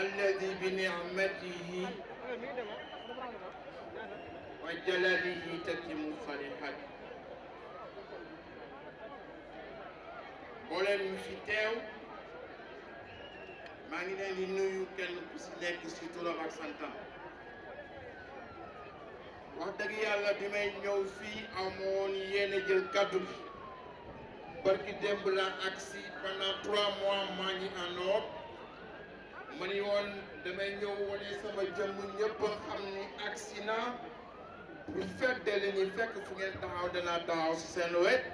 الذي بنعمته وجلاله تتم الصالحات mboolem mi fi teew maa ngi leen di nuyu kenn ku si nekk si turam ak santam wax dëgg yàlla bi may ñëw fii amoon yéene jël kaddu bi barki démb la ak si pendant trois mois maa ngi ma ni woon damay ñëw wane sama jëmm ñëpp xam ni agsi naa pour feddali ni fekk fu ngeen taxaw danaa taxaw si seen wet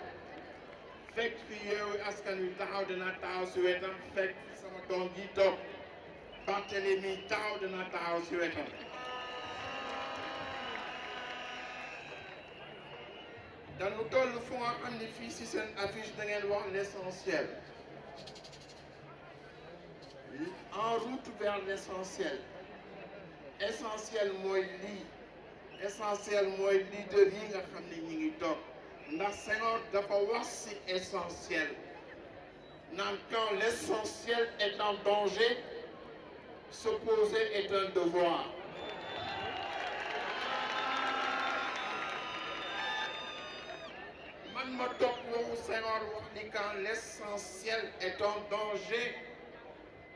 fekk fi yeewu askan wi taxaw danaa taxaw si wetam fekk sama doom ji toog Barthélemy taxaw danaa taxaw si wetam dañu toll fu nga xam ne fii ci seen affiche da ngeen wax l'essentiel en route vers l'essentiel essentiel mooy lii essentiel mooy leader yi nga xam ne ñi ngi toog ndax Senghor essentiel naan quand l'essentiel est en danger s'opposer est un devoir man ma toog waxu Senghor wax ni quand l'essentiel est en danger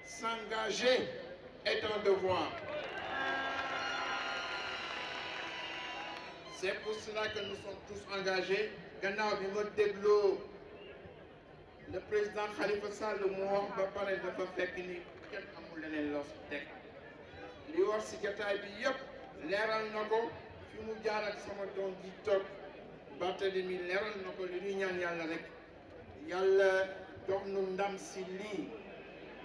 s'engager est un devoir. C'est pour cela que nous sommes tous engagés gannaaw bi ma dégloo le président Khalifa Sall mu wax ba pare dafa fekk ni kenn amul leneen loo si teg bi yëpp leeral na ko fi mu jaar sama doom ji toog Barthélemy leeral na ko li ñuy ñaan yàlla rek yàlla jox ndam si